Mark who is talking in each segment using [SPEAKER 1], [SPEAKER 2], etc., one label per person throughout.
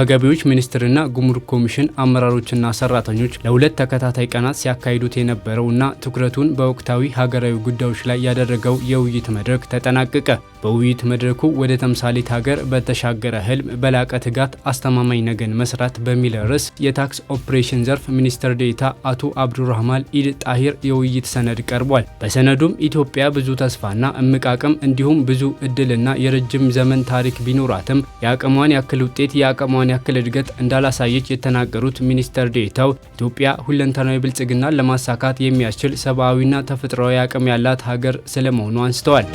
[SPEAKER 1] በገቢዎች ሚኒስቴርና ጉምሩክ ኮሚሽን አመራሮችና ሰራተኞች ለሁለት ተከታታይ ቀናት ሲያካሂዱት የነበረውና ትኩረቱን በወቅታዊ ሀገራዊ ጉዳዮች ላይ ያደረገው የውይይት መድረክ ተጠናቀቀ። በውይይት መድረኩ ወደ ተምሳሌት ሀገር በተሻገረ ህልም በላቀ ትጋት አስተማማኝ ነገን መስራት በሚል ርዕስ የታክስ ኦፕሬሽን ዘርፍ ሚኒስትር ዴታ አቶ አብዱራህማን ኢድ ጣሂር የውይይት ሰነድ ቀርቧል። በሰነዱም ኢትዮጵያ ብዙ ተስፋና እምቅ አቅም እንዲሁም ብዙ እድልና የረጅም ዘመን ታሪክ ቢኖራትም የአቅሟን ያክል ውጤት የአቅሟን ያክል እድገት እንዳላሳየች የተናገሩት ሚኒስትር ዴታው ኢትዮጵያ ሁለንተናዊ ብልጽግናን ለማሳካት የሚያስችል ሰብአዊና ተፈጥሯዊ አቅም ያላት ሀገር ስለመሆኑ አንስተዋል።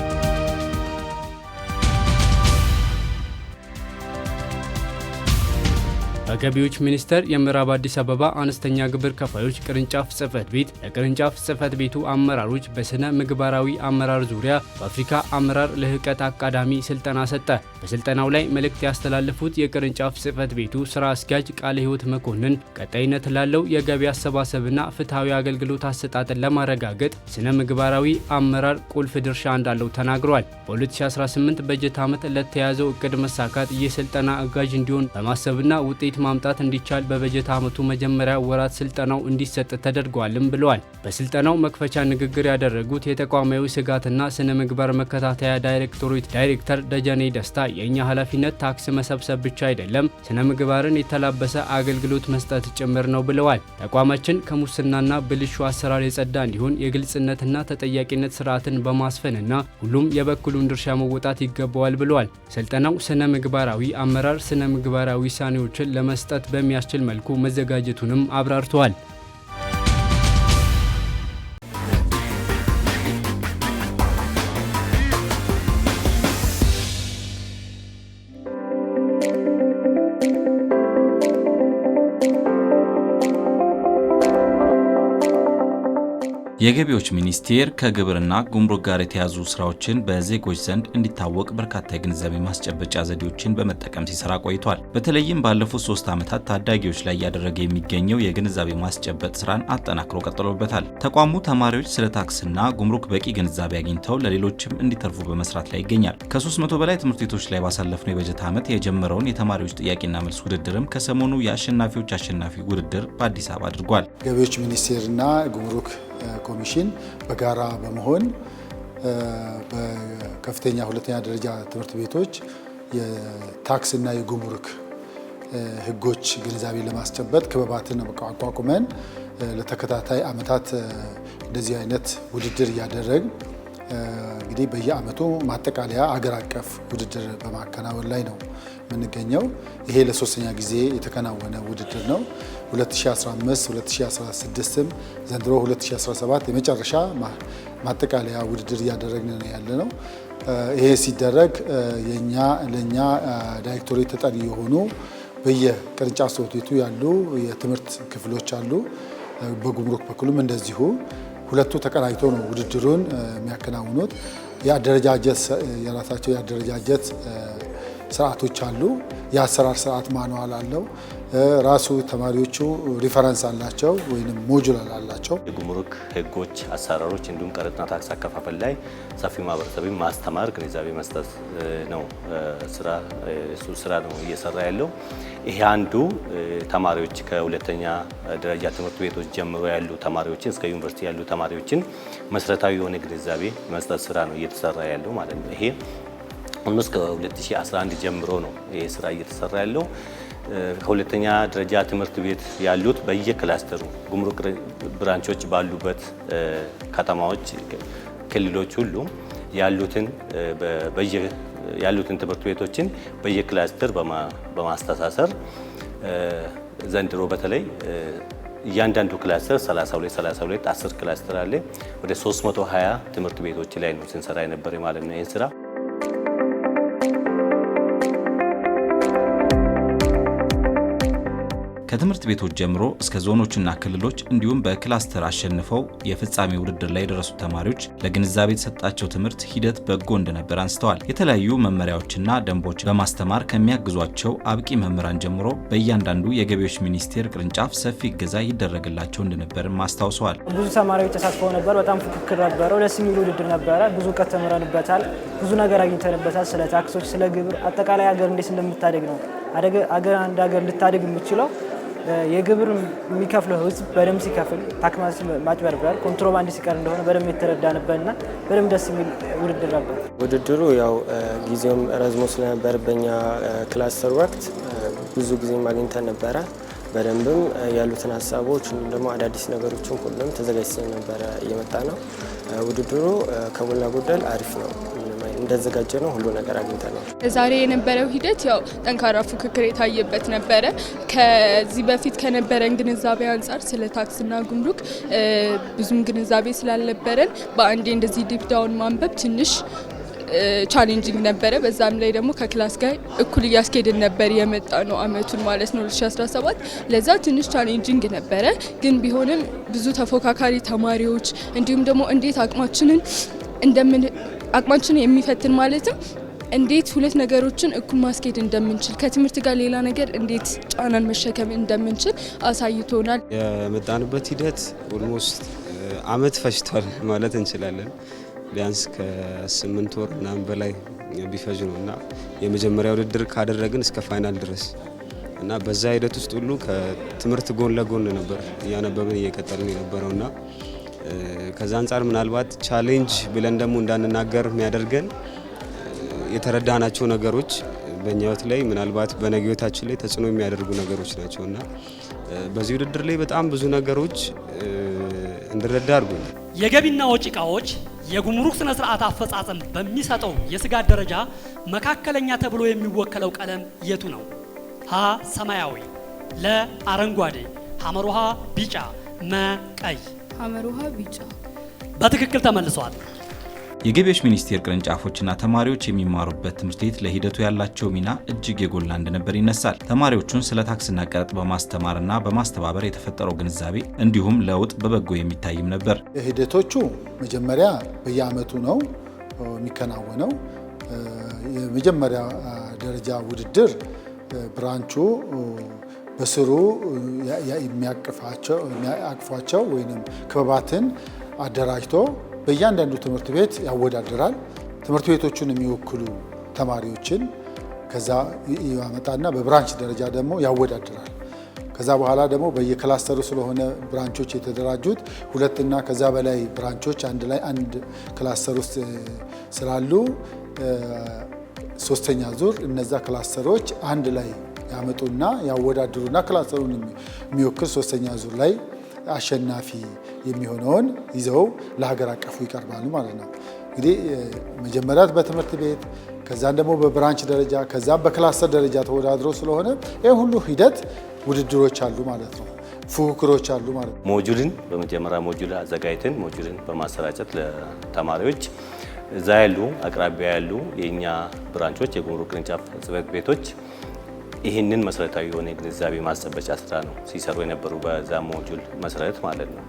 [SPEAKER 1] በገቢዎች ሚኒስቴር የምዕራብ አዲስ አበባ አነስተኛ ግብር ከፋዮች ቅርንጫፍ ጽህፈት ቤት ለቅርንጫፍ ጽህፈት ቤቱ አመራሮች በስነ ምግባራዊ አመራር ዙሪያ በአፍሪካ አመራር ልህቀት አካዳሚ ስልጠና ሰጠ። በስልጠናው ላይ መልእክት ያስተላለፉት የቅርንጫፍ ጽህፈት ቤቱ ስራ አስኪያጅ ቃለ ህይወት መኮንን ቀጣይነት ላለው የገቢ አሰባሰብና ፍትሐዊ አገልግሎት አሰጣጥን ለማረጋገጥ ስነ ምግባራዊ አመራር ቁልፍ ድርሻ እንዳለው ተናግሯል። በ2018 በጀት ዓመት ለተያዘው እቅድ መሳካት ይህ ስልጠና አጋዥ እንዲሆን በማሰብና ውጤት ማምጣት እንዲቻል በበጀት ዓመቱ መጀመሪያ ወራት ስልጠናው እንዲሰጥ ተደርጓልም ብለዋል። በስልጠናው መክፈቻ ንግግር ያደረጉት የተቋማዊ ስጋትና ስነ ምግባር መከታተያ ዳይሬክቶሬት ዳይሬክተር ደጀኔ ደስታ የእኛ ኃላፊነት ታክስ መሰብሰብ ብቻ አይደለም፣ ስነ ምግባርን የተላበሰ አገልግሎት መስጠት ጭምር ነው ብለዋል። ተቋማችን ከሙስናና ብልሹ አሰራር የጸዳ እንዲሆን የግልጽነትና ተጠያቂነት ስርዓትን በማስፈንና ሁሉም የበኩሉን ድርሻ መወጣት ይገባዋል ብለዋል። ስልጠናው ስነ ምግባራዊ አመራር፣ ስነ ምግባራዊ ውሳኔዎችን ለመስጠት በሚያስችል መልኩ መዘጋጀቱንም አብራርተዋል። የገቢዎች ሚኒስቴር ከግብርና ጉምሩክ ጋር የተያዙ ስራዎችን በዜጎች ዘንድ እንዲታወቅ በርካታ የግንዛቤ ማስጨበጫ ዘዴዎችን በመጠቀም ሲሰራ ቆይቷል። በተለይም ባለፉት ሶስት ዓመታት ታዳጊዎች ላይ እያደረገ የሚገኘው የግንዛቤ ማስጨበጥ ስራን አጠናክሮ ቀጥሎበታል። ተቋሙ ተማሪዎች ስለ ታክስና ጉምሩክ በቂ ግንዛቤ አግኝተው ለሌሎችም እንዲተርፉ በመስራት ላይ ይገኛል። ከ300 በላይ ትምህርት ቤቶች ላይ ባሳለፍነው የበጀት ዓመት የጀመረውን የተማሪዎች ጥያቄና መልስ ውድድርም ከሰሞኑ የአሸናፊዎች አሸናፊ ውድድር በአዲስ አበባ አድርጓል።
[SPEAKER 2] ገቢዎች ሚኒስቴርና ጉምሩክ ኮሚሽን በጋራ በመሆን በከፍተኛ ሁለተኛ ደረጃ ትምህርት ቤቶች የታክስ እና የጉምሩክ ህጎች ግንዛቤ ለማስጨበጥ ክበባትን አቋቁመን ለተከታታይ አመታት እንደዚህ አይነት ውድድር እያደረግ እንግዲህ በየአመቱ ማጠቃለያ አገር አቀፍ ውድድር በማከናወን ላይ ነው የምንገኘው። ይሄ ለሶስተኛ ጊዜ የተከናወነ ውድድር ነው። 2015 2016ም ዘንድሮ 2017 የመጨረሻ ማጠቃለያ ውድድር እያደረግን ነው ያለ ነው። ይሄ ሲደረግ የኛ ለእኛ ዳይሬክቶሬት ተጠሪ የሆኑ በየቅርንጫፍ ጽሕፈት ቤቱ ያሉ የትምህርት ክፍሎች አሉ። በጉምሩክ በኩልም እንደዚሁ ሁለቱ ተቀናጅቶ ነው ውድድሩን የሚያከናውኑት። የአደረጃጀት የራሳቸው የአደረጃጀት ስርዓቶች አሉ። የአሰራር ስርዓት ማንዋል አለው። ራሱ ተማሪዎቹ ሪፈረንስ አላቸው ወይም ሞጁላል አላቸው።
[SPEAKER 3] የጉምሩክ ህጎች፣ አሰራሮች እንዲሁም ቀረጥና ታክስ አከፋፈል ላይ ሰፊ ማህበረሰብ ማስተማር፣ ግንዛቤ መስጠት ነው ስራ እሱ ስራ ነው እየሰራ ያለው። ይሄ አንዱ ተማሪዎች ከሁለተኛ ደረጃ ትምህርት ቤቶች ጀምሮ ያሉ ተማሪዎችን እስከ ዩኒቨርሲቲ ያሉ ተማሪዎችን መሰረታዊ የሆነ ግንዛቤ መስጠት ስራ ነው እየተሰራ ያለው ማለት ነው። ይሄ ሁሉ እስከ 2011 ጀምሮ ነው ይሄ ስራ እየተሰራ ያለው። ከሁለተኛ ደረጃ ትምህርት ቤት ያሉት በየክላስተሩ ጉምሩክ ብራንቾች ባሉበት ከተማዎች፣ ክልሎች ሁሉ ያሉትን ያሉትን ትምህርት ቤቶችን በየክላስተር በማስተሳሰር ዘንድሮ በተለይ እያንዳንዱ ክላስተር 32 32 10 ክላስተር አለ። ወደ 320 ትምህርት ቤቶች ላይ ነው ስንሰራ የነበረ ማለት ነው ይህን ስራ
[SPEAKER 1] ከትምህርት ቤቶች ጀምሮ እስከ ዞኖችና ክልሎች እንዲሁም በክላስተር አሸንፈው የፍጻሜ ውድድር ላይ የደረሱ ተማሪዎች ለግንዛቤ የተሰጣቸው ትምህርት ሂደት በጎ እንደነበር አንስተዋል። የተለያዩ መመሪያዎችና ደንቦች በማስተማር ከሚያግዟቸው አብቂ መምህራን ጀምሮ በእያንዳንዱ የገቢዎች ሚኒስቴር ቅርንጫፍ ሰፊ እገዛ ይደረግላቸው እንደነበርም አስታውሰዋል።
[SPEAKER 4] ብዙ ተማሪዎች ተሳትፈው ነበር። በጣም ፉክክር ነበረው። ደስ የሚል ውድድር ነበረ። ብዙ እውቀት ተምረንበታል። ብዙ ነገር አግኝተንበታል። ስለ ታክሶች፣ ስለ ግብር፣ አጠቃላይ ሀገር እንዴት እንደምታደግ ነው አገር አንድ ሀገር ልታደግ የምችለው የግብር የሚከፍለው ህዝብ በደንብ ሲከፍል ታክስ ማጭበርበር፣ ኮንትሮባንድ ሲቀር እንደሆነ በደንብ የተረዳንበትና በደንብ ደስ የሚል ውድድር ነበር።
[SPEAKER 5] ውድድሩ ያው ጊዜውም ረዝሞ ስለነበር በኛ ክላስተር ወቅት ብዙ ጊዜ አግኝተን ነበረ። በደንብም ያሉትን ሀሳቦች ወይም ደግሞ አዳዲስ ነገሮችን ሁሉም ተዘጋጅተን ነበረ እየመጣ ነው። ውድድሩ ከሞላ ጎደል አሪፍ ነው። እንዳዘጋጀ ነው ሁሉ ነገር አግኝተናል።
[SPEAKER 6] ዛሬ የነበረው ሂደት ያው ጠንካራ ፉክክር የታየበት ነበረ። ከዚህ በፊት ከነበረን ግንዛቤ አንጻር ስለ ታክስና ጉምሩክ ብዙም ግንዛቤ ስላልነበረን በአንዴ እንደዚህ ዲፕዳውን ማንበብ ትንሽ ቻሌንጂንግ ነበረ። በዛም ላይ ደግሞ ከክላስ ጋር እኩል እያስኬድን ነበር የመጣ ነው አመቱን ማለት ነው 2017 ለዛ ትንሽ ቻሌንጂንግ ነበረ። ግን ቢሆንም ብዙ ተፎካካሪ ተማሪዎች እንዲሁም ደግሞ እንዴት አቅማችንን እንደምን አቅማችን የሚፈትን ማለትም እንዴት ሁለት ነገሮችን እኩል ማስኬድ እንደምንችል ከትምህርት ጋር ሌላ ነገር እንዴት ጫናን መሸከም እንደምንችል አሳይቶናል።
[SPEAKER 7] የመጣንበት ሂደት ኦልሞስት አመት ፈጅቷል ማለት እንችላለን። ቢያንስ ከስምንት ወር ምናምን በላይ ቢፈጅ ነው እና የመጀመሪያ ውድድር ካደረግን እስከ ፋይናል ድረስ እና በዛ ሂደት ውስጥ ሁሉ ከትምህርት ጎን ለጎን ነበር እያነበብን እየቀጠልን የነበረውና ከዛ አንጻር ምናልባት ቻሌንጅ ብለን ደግሞ እንዳንናገር የሚያደርገን የተረዳናቸው ነገሮች በእኛ ህይወት ላይ ምናልባት በነገ ህይወታችን ላይ ተጽዕኖ የሚያደርጉ ነገሮች ናቸው እና በዚህ ውድድር ላይ በጣም ብዙ ነገሮች እንድረዳ አድርጉኝ።
[SPEAKER 8] የገቢና ወጪ እቃዎች የጉምሩክ ስነ ስርዓት አፈጻጸም በሚሰጠው የስጋት ደረጃ መካከለኛ ተብሎ የሚወከለው ቀለም የቱ ነው? ሀ ሰማያዊ፣ ለ አረንጓዴ፣ ሐመር ውሃ ቢጫ፣ መ ቀይ
[SPEAKER 9] ሐመር ውሃ ቢጫ።
[SPEAKER 8] በትክክል ተመልሰዋል።
[SPEAKER 1] የገቢዎች ሚኒስቴር ቅርንጫፎችና ተማሪዎች የሚማሩበት ትምህርት ቤት ለሂደቱ ያላቸው ሚና እጅግ የጎላ እንደነበር ይነሳል። ተማሪዎቹን ስለ ታክስና ቀረጥ በማስተማርና በማስተባበር የተፈጠረው ግንዛቤ እንዲሁም ለውጥ በበጎ የሚታይም ነበር።
[SPEAKER 2] ሂደቶቹ መጀመሪያ በየዓመቱ ነው የሚከናወነው። የመጀመሪያ ደረጃ ውድድር ብራንቹ በስሩ የሚያቅፏቸው ወይም ክበባትን አደራጅቶ በእያንዳንዱ ትምህርት ቤት ያወዳድራል። ትምህርት ቤቶቹን የሚወክሉ ተማሪዎችን ከዛ ያመጣና በብራንች ደረጃ ደግሞ ያወዳድራል። ከዛ በኋላ ደግሞ በየክላስተሩ ስለሆነ ብራንቾች የተደራጁት ሁለትና ከዛ በላይ ብራንቾች አንድ ላይ አንድ ክላስተር ውስጥ ስላሉ ሶስተኛ ዙር እነዛ ክላስተሮች አንድ ላይ ያመጡና ያወዳድሩና ክላስተሩን የሚወክል ሶስተኛ ዙር ላይ አሸናፊ የሚሆነውን ይዘው ለሀገር አቀፉ ይቀርባሉ ማለት ነው። እንግዲህ መጀመሪያ በትምህርት ቤት ከዛም ደግሞ በብራንች ደረጃ ከዛም በክላስተር ደረጃ ተወዳድሮ ስለሆነ ይህ ሁሉ ሂደት ውድድሮች አሉ ማለት ነው። ፉክክሮች አሉ ማለት
[SPEAKER 3] ነው። ሞጁልን በመጀመሪያ ሞጁል አዘጋጅተን ሞጁልን በማሰራጨት ለተማሪዎች እዛ ያሉ አቅራቢያ ያሉ የእኛ ብራንቾች የጉምሩክ ቅርንጫፍ ጽሕፈት ቤቶች ይህንን መሰረታዊ የሆነ የግንዛቤ ማስጨበጫ ስራ ነው ሲሰሩ የነበሩ በዛ ሞጁል መሰረት ማለት ነው።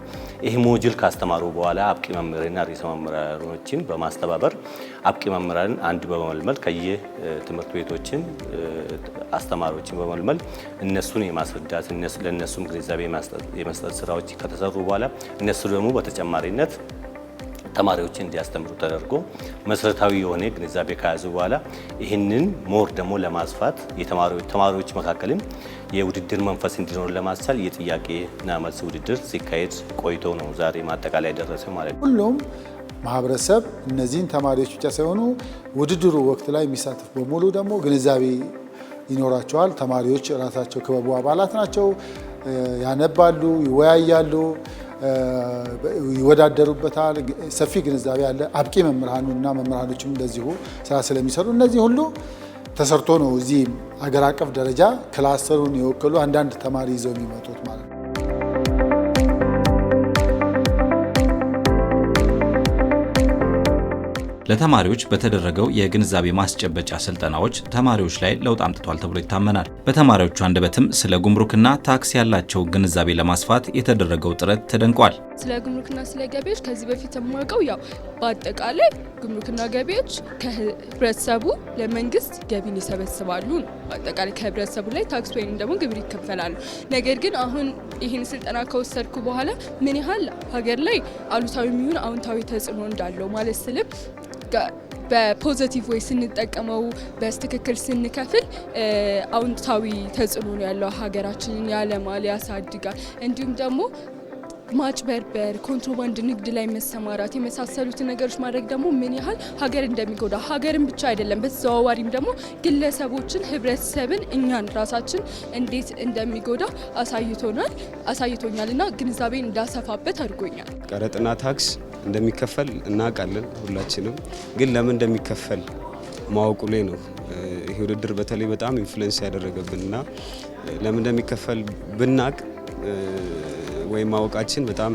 [SPEAKER 3] ይህ ሞጁል ካስተማሩ በኋላ አብቂ መምህራንና ርዕሰ መምህራኖችን በማስተባበር አብቂ መምህራንን አንድ በመልመል ከየ ትምህርት ቤቶችን አስተማሪዎችን በመልመል እነሱን የማስረዳት ለእነሱም ግንዛቤ የመስጠት ስራዎች ከተሰሩ በኋላ እነሱ ደግሞ በተጨማሪነት ተማሪዎችን እንዲያስተምሩ ተደርጎ መሰረታዊ የሆነ ግንዛቤ ከያዙ በኋላ ይህንን ሞር ደግሞ ለማስፋት ተማሪዎች መካከልም የውድድር መንፈስ እንዲኖር ለማስቻል የጥያቄና መልስ ውድድር ሲካሄድ ቆይቶ ነው ዛሬ ማጠቃላይ ደረሰ ማለት
[SPEAKER 2] ነው። ሁሉም ማህበረሰብ እነዚህን ተማሪዎች ብቻ ሳይሆኑ ውድድሩ ወቅት ላይ የሚሳተፉ በሙሉ ደግሞ ግንዛቤ ይኖራቸዋል። ተማሪዎች ራሳቸው ክበቡ አባላት ናቸው። ያነባሉ፣ ይወያያሉ ይወዳደሩበታል። ሰፊ ግንዛቤ አለ። አብቂ መምህራኑ እና መምህራኖችም እንደዚሁ ስራ ስለሚሰሩ እነዚህ ሁሉ ተሰርቶ ነው እዚህ አገር አቀፍ ደረጃ ክላስተሩን የወከሉ አንዳንድ ተማሪ ይዘው የሚመጡት ማለት ነው።
[SPEAKER 1] ለተማሪዎች በተደረገው የግንዛቤ ማስጨበጫ ስልጠናዎች ተማሪዎች ላይ ለውጥ አምጥቷል ተብሎ ይታመናል። በተማሪዎቹ አንደበትም ስለ ጉምሩክና ታክስ ያላቸው ግንዛቤ ለማስፋት የተደረገው ጥረት ተደንቋል።
[SPEAKER 6] ስለ ጉምሩክና ስለ ገቢዎች ከዚህ በፊት የማውቀው ያው በአጠቃላይ ጉምሩክና ገቢዎች ከህብረተሰቡ ለመንግስት ገቢን ይሰበስባሉ ነው። በአጠቃላይ ከህብረተሰቡ ላይ ታክስ ወይም ደግሞ ግብር ይከፈላሉ። ነገር ግን አሁን ይህን ስልጠና ከወሰድኩ በኋላ ምን ያህል ሀገር ላይ አሉታዊ የሚሆን አዎንታዊ ተጽዕኖ እንዳለው ማለት ስልም በፖዘቲቭ ወይ ስንጠቀመው በስትክክል ስንከፍል አውንታዊ ተጽዕኖ ያለው ሀገራችንን ያለማል ያሳድጋል። እንዲሁም ደግሞ ማጭበርበር፣ ኮንትሮባንድ ንግድ ላይ መሰማራት የመሳሰሉትን ነገሮች ማድረግ ደግሞ ምን ያህል ሀገር እንደሚጎዳ ሀገርን ብቻ አይደለም በተዘዋዋሪም ደግሞ ግለሰቦችን፣ ህብረተሰብን፣ እኛን ራሳችን እንዴት እንደሚጎዳ አሳይቶናል አሳይቶኛል እና ግንዛቤ እንዳሰፋበት አድርጎኛል።
[SPEAKER 7] ቀረጥና ታክስ እንደሚከፈል እናውቃለን ሁላችንም። ግን ለምን እንደሚከፈል ማወቁ ላይ ነው ይህ ውድድር በተለይ በጣም ኢንፍሉዌንስ ያደረገብን እና ለምን እንደሚከፈል ብናቅ ወይም ማወቃችን በጣም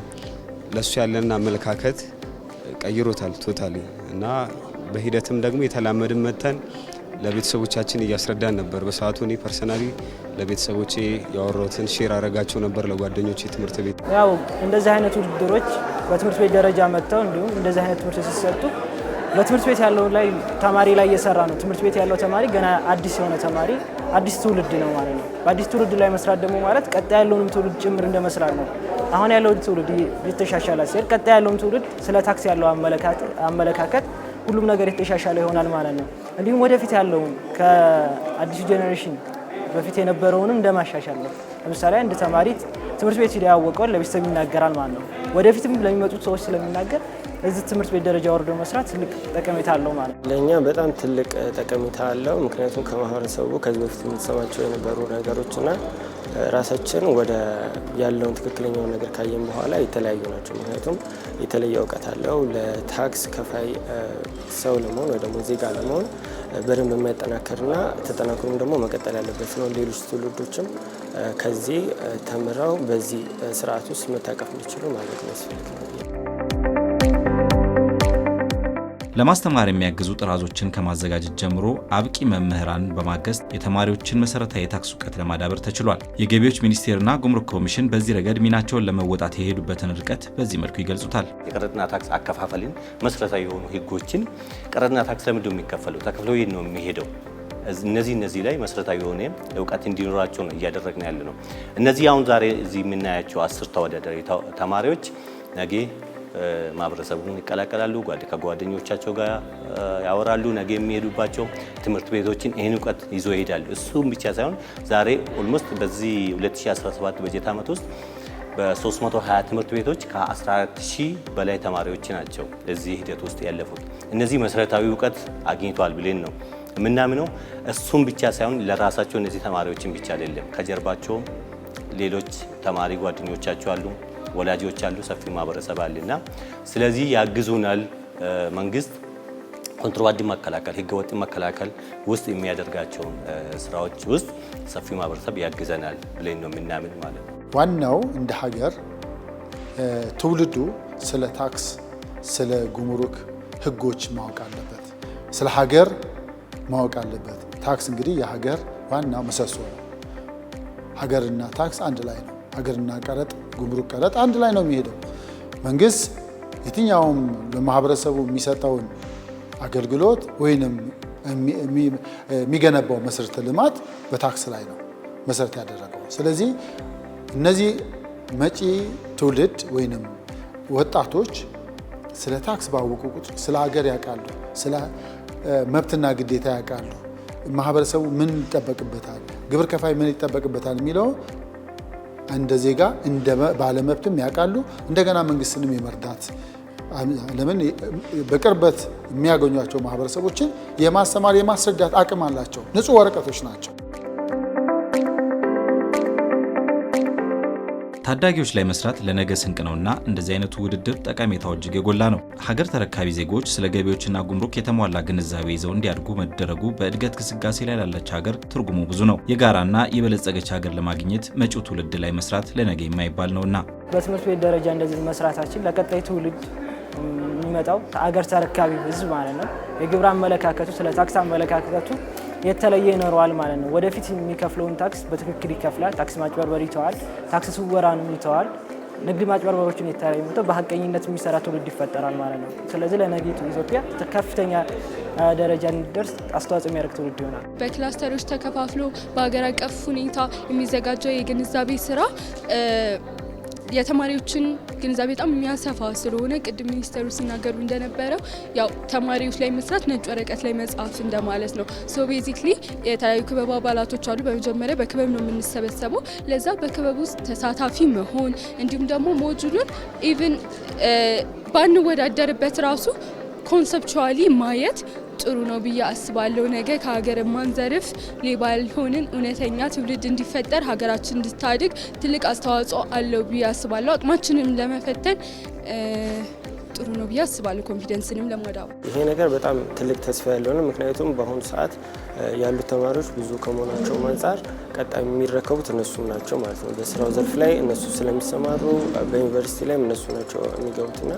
[SPEAKER 7] ለእሱ ያለንን አመለካከት ቀይሮታል ቶታሊ እና በሂደትም ደግሞ የተላመድን መተን ለቤተሰቦቻችን እያስረዳን ነበር። በሰዓቱ እኔ ፐርሰናሊ ለቤተሰቦቼ ያወራሁትን ሼር አረጋቸው ነበር፣ ለጓደኞቼ ትምህርት ቤት
[SPEAKER 4] ያው እንደዚህ አይነት ውድድሮች በትምህርት ቤት ደረጃ መጥተው እንዲሁም እንደዚህ አይነት ትምህርት ሲሰጡ በትምህርት ቤት ያለው ላይ ተማሪ ላይ እየሰራ ነው። ትምህርት ቤት ያለው ተማሪ ገና አዲስ የሆነ ተማሪ አዲስ ትውልድ ነው ማለት ነው። በአዲስ ትውልድ ላይ መስራት ደግሞ ማለት ቀጣይ ያለውንም ትውልድ ጭምር እንደ መስራት ነው። አሁን ያለውን ትውልድ የተሻሻለ ሲሄድ ቀጣይ ያለውን ትውልድ ስለ ታክስ ያለው አመለካከት ሁሉም ነገር የተሻሻለ ይሆናል ማለት ነው። እንዲሁም ወደፊት ያለውን ከአዲሱ ጄኔሬሽን በፊት የነበረውንም እንደማሻሻል ነው። ለምሳሌ አንድ ተማሪ ትምህርት ቤት ሄዶ ያወቀውን ለቤተሰብ ይናገራል ማለት ነው። ወደፊትም ለሚመጡት ሰዎች ስለሚናገር እዚህ ትምህርት ቤት ደረጃ ወርዶ መስራት ትልቅ ጠቀሜታ አለው ማለት
[SPEAKER 5] ነው። ለእኛ በጣም ትልቅ ጠቀሜታ አለው። ምክንያቱም ከማህበረሰቡ ከዚህ በፊት የምንሰማቸው የነበሩ ነገሮችና ራሳችን ወደ ያለውን ትክክለኛውን ነገር ካየን በኋላ የተለያዩ ናቸው። ምክንያቱም የተለየ እውቀት አለው። ለታክስ ከፋይ ሰው ለመሆን ወይ ደግሞ ዜጋ ለመሆን በደንብ የማይጠናከርና ተጠናክሮም ደግሞ መቀጠል ያለበት ነው። ሌሎች ትውልዶችም ከዚህ ተምረው በዚህ ስርዓት ውስጥ መታቀፍ እንዲችሉ ማድረግ ነው።
[SPEAKER 1] ለማስተማር የሚያግዙ ጥራዞችን ከማዘጋጀት ጀምሮ አብቂ መምህራን በማገዝ የተማሪዎችን መሰረታዊ የታክስ እውቀት ለማዳበር ተችሏል። የገቢዎች ሚኒስቴርና ጉምሩክ ኮሚሽን በዚህ ረገድ ሚናቸውን ለመወጣት የሄዱበትን ርቀት በዚህ መልኩ ይገልጹታል።
[SPEAKER 3] የቀረጥና ታክስ አከፋፈልን መሰረታዊ የሆኑ ህጎችን ቀረጥና ታክስ ለምንድ የሚከፈለው ተከፍሎ ነው የሚሄደው እነዚህ እነዚህ ላይ መሰረታዊ የሆነ እውቀት እንዲኖራቸው ነው እያደረግን ያለ ነው። እነዚህ አሁን ዛሬ እዚህ የምናያቸው አስር ተወዳዳሪ ተማሪዎች ነገ ማህበረሰቡን ይቀላቀላሉ፣ ከጓደኞቻቸው ጋር ያወራሉ። ነገ የሚሄዱባቸው ትምህርት ቤቶችን ይህን እውቀት ይዞ ይሄዳሉ። እሱም ብቻ ሳይሆን ዛሬ ኦልሞስት በዚህ 2017 በጀት ዓመት ውስጥ በ320 ትምህርት ቤቶች ከ14000 በላይ ተማሪዎች ናቸው እዚህ ሂደት ውስጥ ያለፉት። እነዚህ መሰረታዊ እውቀት አግኝቷል ብለን ነው የምናምነው። እሱም ብቻ ሳይሆን ለራሳቸው እነዚህ ተማሪዎችን ብቻ አይደለም፣ ከጀርባቸውም ሌሎች ተማሪ ጓደኞቻቸው አሉ። ወላጆች አሉ፣ ሰፊው ማህበረሰብ አለና ስለዚህ ያግዙናል። መንግስት ኮንትሮባንድን መከላከል፣ ህገወጥን መከላከል ውስጥ የሚያደርጋቸውን ስራዎች ውስጥ ሰፊው ማህበረሰብ ያግዘናል ብለን ነው የምናምን ማለት ነው።
[SPEAKER 2] ዋናው እንደ ሀገር ትውልዱ ስለ ታክስ፣ ስለ ጉምሩክ ህጎች ማወቅ አለበት፣ ስለ ሀገር ማወቅ አለበት። ታክስ እንግዲህ የሀገር ዋና ምሰሶ ነው። ሀገርና ታክስ አንድ ላይ ነው። ሀገርና ቀረጥ ጉምሩክ ቀረጥ አንድ ላይ ነው የሚሄደው። መንግስት የትኛውም ለማህበረሰቡ የሚሰጠውን አገልግሎት ወይንም የሚገነባው መሰረተ ልማት በታክስ ላይ ነው መሰረት ያደረገው። ስለዚህ እነዚህ መጪ ትውልድ ወይንም ወጣቶች ስለ ታክስ ባወቁ ቁጥር ስለ ሀገር ያውቃሉ፣ ስለ መብትና ግዴታ ያውቃሉ። ማህበረሰቡ ምን ይጠበቅበታል፣ ግብር ከፋይ ምን ይጠበቅበታል የሚለው እንደ ዜጋ እንደ ባለመብትም ያውቃሉ። እንደገና መንግስትንም የመርዳት ለምን በቅርበት የሚያገኟቸው ማህበረሰቦችን የማስተማር የማስረዳት አቅም አላቸው። ንጹህ ወረቀቶች ናቸው።
[SPEAKER 1] ታዳጊዎች ላይ መስራት ለነገ ስንቅ ነውና እንደዚህ አይነቱ ውድድር ጠቀሜታው እጅግ የጎላ ነው። ሀገር ተረካቢ ዜጎች ስለ ገቢዎችና ጉምሩክ የተሟላ ግንዛቤ ይዘው እንዲያድጉ መደረጉ በእድገት ግስጋሴ ላይ ላለች ሀገር ትርጉሙ ብዙ ነው። የጋራና የበለጸገች ሀገር ለማግኘት መጪው ትውልድ ላይ መስራት ለነገ የማይባል ነውና
[SPEAKER 4] በትምህርት ቤት ደረጃ እንደዚህ መስራታችን ለቀጣይ ትውልድ የሚመጣው ሀገር ተረካቢ ህዝብ ማለት ነው የግብር አመለካከቱ ስለ ታክስ አመለካከቱ የተለየ ይኖረዋል ማለት ነው። ወደፊት የሚከፍለውን ታክስ በትክክል ይከፍላል። ታክስ ማጭበርበር ይተዋል። ታክስ ስወራንም ይተዋል። ንግድ ማጭበርበሮችን የተለመጠው በሀቀኝነት የሚሰራ ትውልድ ይፈጠራል ማለት ነው። ስለዚህ ለነገይቱ ኢትዮጵያ ከፍተኛ ደረጃ እንዲደርስ አስተዋጽኦ የሚያደርግ ትውልድ ይሆናል።
[SPEAKER 6] በክላስተሮች ተከፋፍሎ በሀገር አቀፍ ሁኔታ የሚዘጋጀው የግንዛቤ ስራ የተማሪዎችን ግንዛቤ በጣም የሚያሰፋ ስለሆነ ቅድም ሚኒስተሩ ሲናገሩ እንደነበረው ያው ተማሪዎች ላይ መስራት ነጭ ወረቀት ላይ መጻፍ እንደማለት ነው። ሶ ቤዚክሊ የተለያዩ ክበብ አባላቶች አሉ። በመጀመሪያ በክበብ ነው የምንሰበሰበው። ለዛ በክበብ ውስጥ ተሳታፊ መሆን እንዲሁም ደግሞ ሞጁሉን ኢቭን ባንወዳደርበት ራሱ ኮንሰፕቹዋሊ ማየት ጥሩ ነው ብዬ አስባለሁ። ነገ ከሀገር ማንዘርፍ ሌባ ያልሆንን እውነተኛ ትውልድ እንዲፈጠር ሀገራችን እንድታድግ ትልቅ አስተዋጽኦ አለው ብዬ አስባለሁ። አቅማችንም ለመፈተን ጥሩ ነው ብዬ አስባለሁ። ኮንፊደንስንም ለማዳው
[SPEAKER 5] ይሄ ነገር በጣም ትልቅ ተስፋ ያለው ነው። ምክንያቱም በአሁኑ ሰዓት ያሉት ተማሪዎች ብዙ ከመሆናቸው አንጻር ቀጣይ የሚረከቡት እነሱ ናቸው ማለት ነው። በስራው ዘርፍ ላይ እነሱ ስለሚሰማሩ በዩኒቨርሲቲ ላይም እነሱ ናቸው የሚገቡትና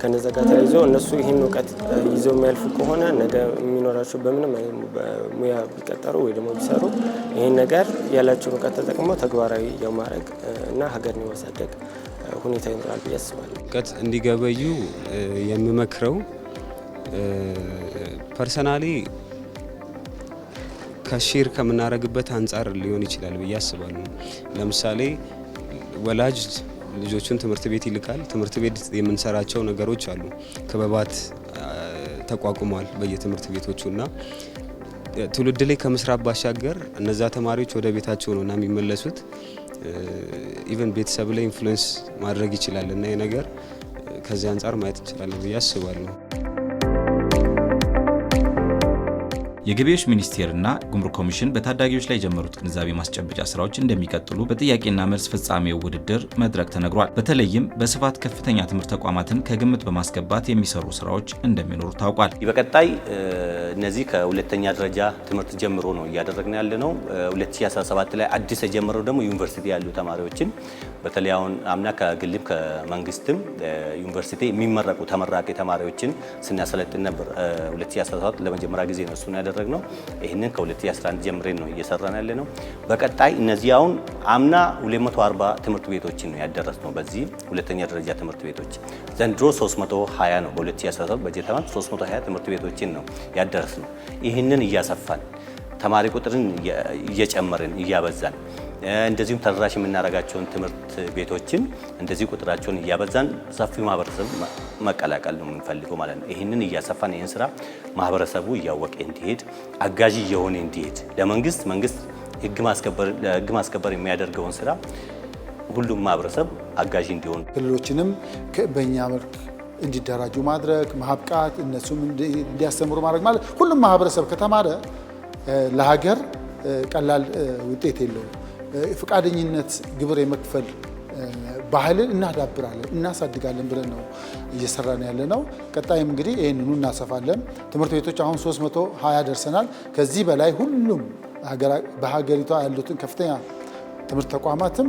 [SPEAKER 5] ከነዛ ጋር ተያይዞ እነሱ ይህን እውቀት ይዘው የሚያልፉ ከሆነ ነገ የሚኖራቸው በምንም ሙያ ቢቀጠሩ ወይ ደግሞ ቢሰሩ ይህን ነገር ያላቸውን እውቀት ተጠቅመው ተግባራዊ የማድረግ እና ሀገርን የማሳደግ ሁኔታ ይኖራል ብዬ አስባለሁ።
[SPEAKER 7] እውቀት እንዲገበዩ የምመክረው ፐርሰናሊ ከሼር ከምናደርግበት አንጻር ሊሆን ይችላል ብዬ አስባለሁ። ለምሳሌ ወላጅ ልጆችን ትምህርት ቤት ይልካል። ትምህርት ቤት የምንሰራቸው ነገሮች አሉ። ክበባት ተቋቁሟል በየትምህርት ቤቶቹ እና ትውልድ ላይ ከምስራብ ባሻገር እነዛ ተማሪዎች ወደ ቤታቸው ነው እና የሚመለሱት ኢቨን ቤተሰብ ላይ ኢንፍሉዌንስ ማድረግ ይችላል እና ይህ ነገር ከዚህ አንጻር ማየት እንችላለን ብዬ አስባለሁ።
[SPEAKER 1] የገቢዎች ሚኒስቴርና ጉምሩክ ኮሚሽን በታዳጊዎች ላይ የጀመሩት ግንዛቤ ማስጨበጫ ስራዎች እንደሚቀጥሉ በጥያቄና መልስ ፍጻሜው ውድድር መድረክ ተነግሯል። በተለይም በስፋት ከፍተኛ ትምህርት ተቋማትን ከግምት በማስገባት የሚሰሩ ስራዎች እንደሚኖሩ ታውቋል።
[SPEAKER 3] በቀጣይ እነዚህ ከሁለተኛ ደረጃ ትምህርት ጀምሮ ነው እያደረግን ያለ ነው። 2017 ላይ አዲስ የጀመረው ደግሞ ዩኒቨርሲቲ ያሉ ተማሪዎችን በተለይ አሁን አምና ከግልም ከመንግስትም ዩኒቨርሲቲ የሚመረቁ ተመራቂ ተማሪዎችን ስናሰለጥን ነበር። 2017 ለመጀመሪያ ጊዜ ነው እሱን ያደረግ ነው። ይህንን ከ2011 ጀምሬን ነው እየሰራን ያለ ነው። በቀጣይ እነዚህ አሁን አምና 240 ትምህርት ቤቶችን ነው ያደረስ ነው። በዚህ ሁለተኛ ደረጃ ትምህርት ቤቶች ዘንድሮ 320 ነው። በ2017 በጀት ዓመት 320 ትምህርት ቤቶችን ነው ያደረስ ነው። ይህንን እያሰፋን ተማሪ ቁጥርን እየጨመርን እያበዛን እንደዚሁም ተደራሽ የምናደርጋቸውን ትምህርት ቤቶችን እንደዚህ ቁጥራቸውን እያበዛን ሰፊ ማህበረሰብ መቀላቀል ነው የምንፈልገው ማለት ነው። ይህንን እያሰፋን ይህን ስራ ማህበረሰቡ እያወቀ እንዲሄድ አጋዥ እየሆነ እንዲሄድ ለመንግስት መንግስት ህግ ማስከበር የሚያደርገውን ስራ ሁሉም ማህበረሰብ አጋዥ እንዲሆን
[SPEAKER 2] ክልሎችንም በእኛ መልክ እንዲደራጁ ማድረግ ማብቃት እነሱም እንዲያስተምሩ ማድረግ ማለት ሁሉም ማህበረሰብ ከተማረ ለሀገር ቀላል ውጤት የለውም። ፈቃደኝነት ግብር የመክፈል ባህልን እናዳብራለን እናሳድጋለን ብለን ነው እየሰራን ያለ ነው። ቀጣይም እንግዲህ ይህንኑ እናሰፋለን። ትምህርት ቤቶች አሁን 320 ደርሰናል። ከዚህ በላይ ሁሉም በሀገሪቷ ያሉትን ከፍተኛ ትምህርት ተቋማትም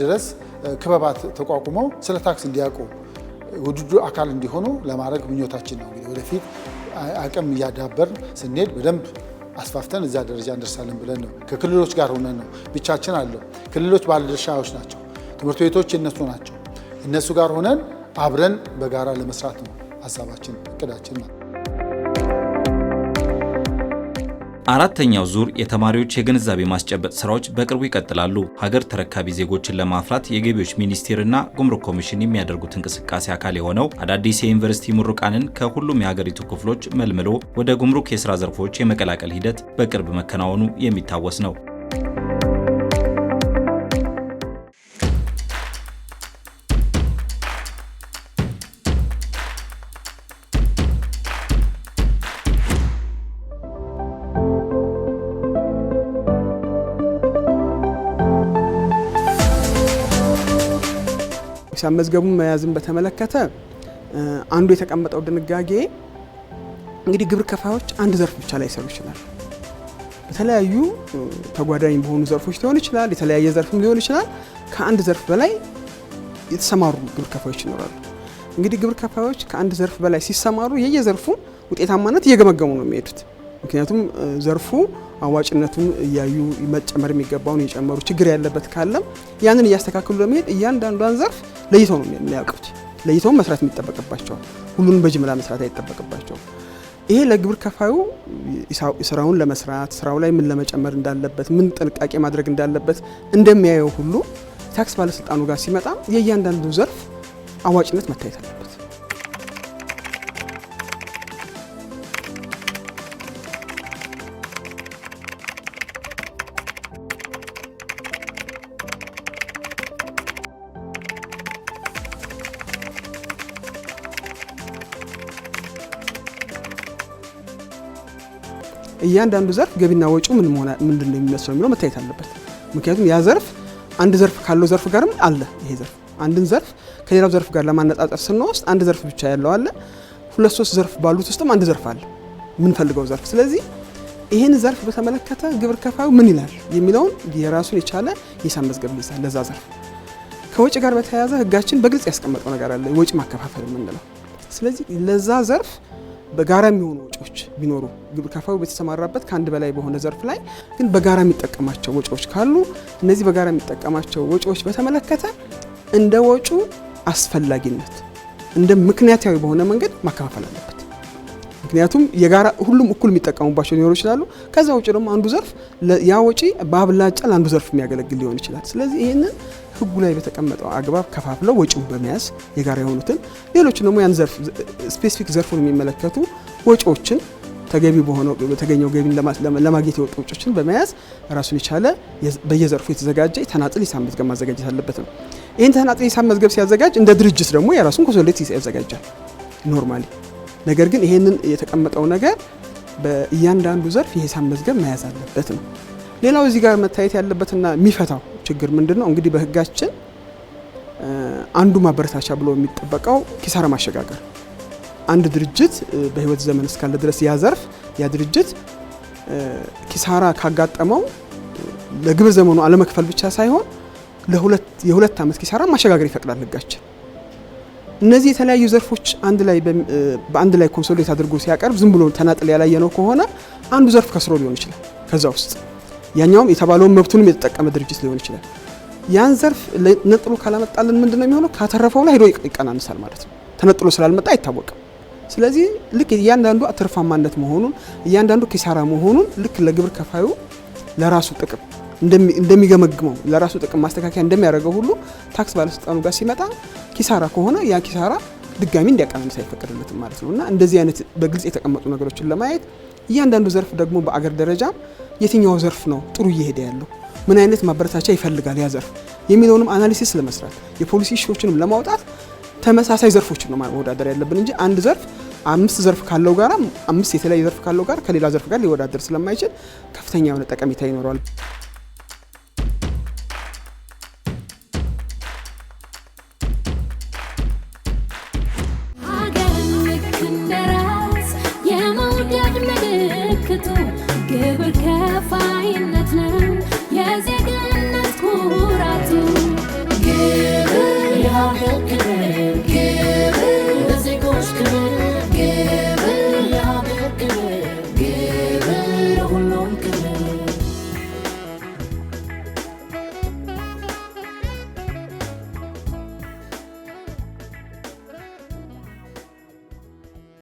[SPEAKER 2] ድረስ ክበባት ተቋቁመው ስለ ታክስ እንዲያውቁ ውድዱ አካል እንዲሆኑ ለማድረግ ምኞታችን ነው። ወደፊት አቅም እያዳበር ስንሄድ በደንብ አስፋፍተን እዛ ደረጃ እንደርሳለን ብለን ነው። ከክልሎች ጋር ሆነን ነው። ብቻችን አለው። ክልሎች ባለድርሻዎች ናቸው። ትምህርት ቤቶች የነሱ ናቸው። እነሱ ጋር ሆነን አብረን በጋራ ለመስራት ነው ሀሳባችን፣ እቅዳችን ነው።
[SPEAKER 1] አራተኛው ዙር የተማሪዎች የግንዛቤ ማስጨበጥ ስራዎች በቅርቡ ይቀጥላሉ። ሀገር ተረካቢ ዜጎችን ለማፍራት የገቢዎች ሚኒስቴርና ጉምሩክ ኮሚሽን የሚያደርጉት እንቅስቃሴ አካል የሆነው አዳዲስ የዩኒቨርሲቲ ምሩቃንን ከሁሉም የሀገሪቱ ክፍሎች መልምሎ ወደ ጉምሩክ የስራ ዘርፎች የመቀላቀል ሂደት በቅርብ መከናወኑ የሚታወስ ነው።
[SPEAKER 4] ብቻ መዝገቡን መያዝን በተመለከተ አንዱ የተቀመጠው ድንጋጌ እንግዲህ ግብር ከፋዮች አንድ ዘርፍ ብቻ ላይ ይሰሩ ይችላል። በተለያዩ ተጓዳኝ በሆኑ ዘርፎች ሊሆን ይችላል፣ የተለያየ ዘርፍም ሊሆን ይችላል። ከአንድ ዘርፍ በላይ የተሰማሩ ግብር ከፋዮች ይኖራሉ። እንግዲህ ግብር ከፋዮች ከአንድ ዘርፍ በላይ ሲሰማሩ የየዘርፉ ውጤታማነት እየገመገሙ ነው የሚሄዱት። ምክንያቱም ዘርፉ አዋጭነቱን እያዩ መጨመር የሚገባውን እየጨመሩ ችግር ያለበት ካለም ያንን እያስተካከሉ ለመሄድ እያንዳንዷን ዘርፍ ለይተው ነው የሚያውቁት። ለይተው መስራት የሚጠበቅባቸዋል። ሁሉንም በጅምላ መስራት አይጠበቅባቸውም። ይሄ ለግብር ከፋዩ ስራውን ለመስራት ስራው ላይ ምን ለመጨመር እንዳለበት ምን ጥንቃቄ ማድረግ እንዳለበት እንደሚያየው ሁሉ ታክስ ባለስልጣኑ ጋር ሲመጣ የእያንዳንዱ ዘርፍ አዋጭነት መታየት አለበት። እያንዳንዱ ዘርፍ ገቢና ወጪው ምን መሆን ምንድን ነው የሚመስለው የሚለው መታየት አለበት። ምክንያቱም ያ ዘርፍ አንድ ዘርፍ ካለው ዘርፍ ጋርም አለ። ይሄ ዘርፍ አንድን ዘርፍ ከሌላው ዘርፍ ጋር ለማነጻጸር ስንወስድ አንድ ዘርፍ ብቻ ያለው አለ፣ ሁለት ሶስት ዘርፍ ባሉት ውስጥም አንድ ዘርፍ አለ የምንፈልገው ዘርፍ። ስለዚህ ይህን ዘርፍ በተመለከተ ግብር ከፋዩ ምን ይላል የሚለውን የራሱን የቻለ የሂሳብ መዝገብ ይይዛል ለዛ ዘርፍ። ከወጪ ጋር በተያያዘ ህጋችን በግልጽ ያስቀመጠው ነገር አለ፣ ወጪ ማከፋፈል የምንለው። ስለዚህ ለዛ ዘርፍ በጋራ የሚሆኑ ወጪዎች ቢኖሩ ግብር ከፋዩ በተሰማራበት ከአንድ በላይ በሆነ ዘርፍ ላይ ግን በጋራ የሚጠቀማቸው ወጪዎች ካሉ እነዚህ በጋራ የሚጠቀማቸው ወጪዎች በተመለከተ እንደ ወጪው አስፈላጊነት እንደ ምክንያታዊ በሆነ መንገድ ማከፋፈል አለበት። ምክንያቱም የጋራ ሁሉም እኩል የሚጠቀሙባቸው ሊኖሩ ይችላሉ። ከዛ ውጭ ደግሞ አንዱ ዘርፍ ያ ወጪ በአብላጫ ለአንዱ ዘርፍ የሚያገለግል ሊሆን ይችላል። ስለዚህ ይህንን ህጉ ላይ በተቀመጠው አግባብ ከፋፍለው ወጪውን በመያዝ የጋራ የሆኑትን ሌሎችን ደግሞ ያን ዘርፍ ስፔሲፊክ ዘርፉን የሚመለከቱ ወጪዎችን ተገቢ በሆነው በተገኘው ገቢን ለማግኘት የወጡ ውጮችን በመያዝ ራሱን የቻለ በየዘርፉ የተዘጋጀ ተናጥል ሂሳብ መዝገብ ማዘጋጀት አለበት ነው። ይህን ተናጥል ሂሳብ መዝገብ ሲያዘጋጅ እንደ ድርጅት ደግሞ የራሱን ኮሶሌት ያዘጋጃል ኖርማሊ ነገር ግን ይሄንን የተቀመጠው ነገር በእያንዳንዱ ዘርፍ የሂሳብ መዝገብ መያዝ አለበት ነው። ሌላው እዚህ ጋር መታየት ያለበትና የሚፈታው ችግር ምንድን ነው? እንግዲህ በህጋችን አንዱ ማበረታቻ ብሎ የሚጠበቀው ኪሳራ ማሸጋገር፣ አንድ ድርጅት በህይወት ዘመን እስካለ ድረስ ያ ዘርፍ ያ ድርጅት ኪሳራ ካጋጠመው ለግብር ዘመኑ አለመክፈል ብቻ ሳይሆን የሁለት ዓመት ኪሳራ ማሸጋገር ይፈቅዳል ህጋችን። እነዚህ የተለያዩ ዘርፎች አንድ ላይ በአንድ ላይ ኮንሶሌት አድርጎ ሲያቀርብ ዝም ብሎ ተናጥል ነው ከሆነ አንዱ ዘርፍ ከስሮ ሊሆን ይችላል። ከዛ ውስጥ ያኛውም የተባለውን መብቱንም የተጠቀመ ድርጅት ሊሆን ይችላል። ያን ዘርፍ ነጥሎ ካላመጣልን ምንድን ነው የሚሆነው? ካተረፈው ላይ ሄዶ ይቀናንሳል ማለት ነው። ተነጥሎ ስላልመጣ አይታወቅም። ስለዚህ ልክ እያንዳንዱ አትርፋማነት መሆኑን እያንዳንዱ ኪሳራ መሆኑን ልክ ለግብር ከፋዩ ለራሱ ጥቅም እንደሚገመግመው ለራሱ ጥቅም ማስተካከያ እንደሚያደርገው ሁሉ ታክስ ባለስልጣኑ ጋር ሲመጣ ኪሳራ ከሆነ ያ ኪሳራ ድጋሚ እንዲያቀናንስ አይፈቀድለትም ማለት ነው እና እንደዚህ አይነት በግልጽ የተቀመጡ ነገሮችን ለማየት እያንዳንዱ ዘርፍ ደግሞ በአገር ደረጃ የትኛው ዘርፍ ነው ጥሩ እየሄደ ያለው ምን አይነት ማበረታቻ ይፈልጋል ያ ዘርፍ የሚለውንም አናሊሲስ ለመስራት የፖሊሲ እሾዎችንም ለማውጣት ተመሳሳይ ዘርፎችን ነው መወዳደር ያለብን እንጂ አንድ ዘርፍ አምስት ዘርፍ ካለው ጋር አምስት የተለያየ ዘርፍ ካለው ጋር ከሌላ ዘርፍ ጋር ሊወዳደር ስለማይችል ከፍተኛ የሆነ ጠቀሜታ ይኖረዋል።